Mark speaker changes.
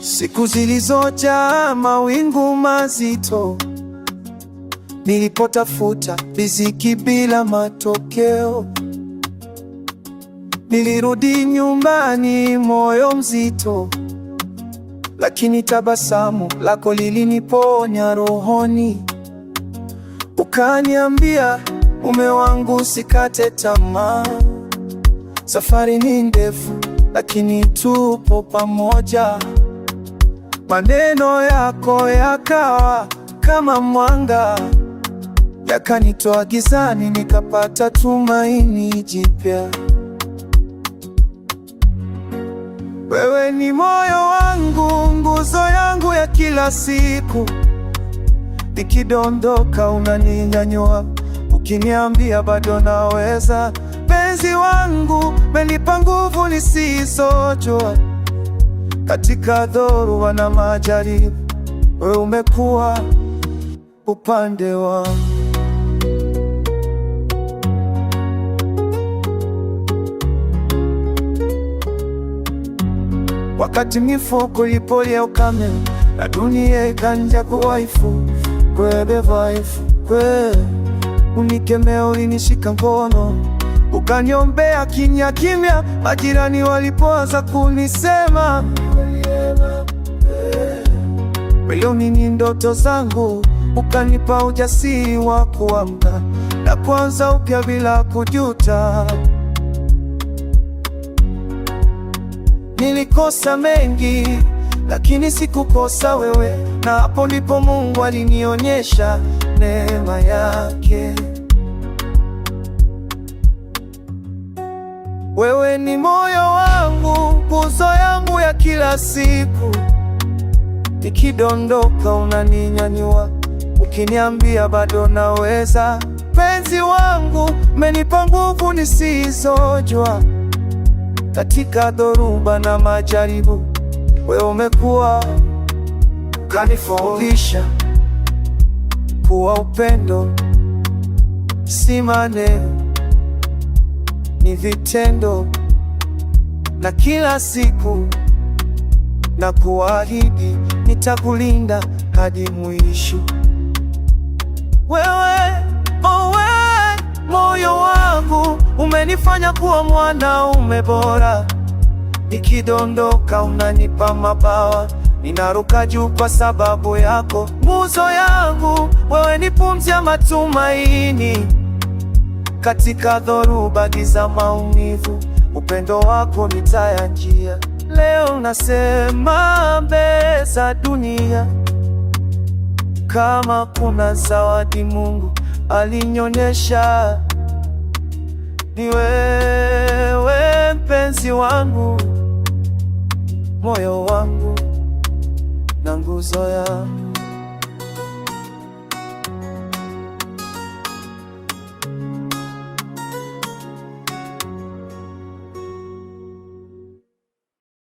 Speaker 1: Siku zilizojaa mawingu mazito, nilipotafuta riziki bila matokeo, nilirudi nyumbani moyo mzito, lakini tabasamu lako liliniponya rohoni, ukaniambia mume wangu, sikate tamaa, safari ni ndefu, lakini tupo pamoja. Maneno yako yakawa kama mwanga, yakanitoa gizani, nikapata tumaini jipya. Wewe ni moyo wangu, nguzo yangu ya kila siku, nikidondoka unaninyanyua, ukiniambia bado naweza. Penzi wangu menipa nguvu nisizojua katika dhoruba na majaribu, wewe umekuwa upande wa Wakati mifuko ukame na dunia ikanja kuwaifu kwebevaifu kwe unikemea, ulinishika mkono ukaniombea kimya kimya, majirani walipoanza kunisema milioni ni ndoto zangu, ukanipa ujasiri wa kuamka na kuanza upya bila kujuta. Nilikosa mengi lakini sikukosa wewe, na hapo ndipo Mungu alinionyesha neema yake. Wewe ni moyo wangu, nguzo yangu ya kila siku. Nikidondoka unaninyanyua, ukiniambia bado naweza. Mpenzi wangu, umenipa nguvu nisizojua. Katika dhoruba na majaribu, wewe umekuwa ukanifundisha kuwa upendo si maneno ni vitendo na kila siku na kuahidi nitakulinda hadi mwisho. Wewe owe, moyo wangu umenifanya kuwa mwanaume bora. Nikidondoka unanipa mabawa, ninaruka juu kwa sababu yako. muzo yangu wewe ni pumzi ya matumaini katika dhoruba, giza, maumivu, upendo wako ni taa ya njia. Leo nasema mbele za dunia, kama kuna zawadi Mungu alinyonyesha ni wewe mpenzi wangu, moyo wangu na nguzo yangu.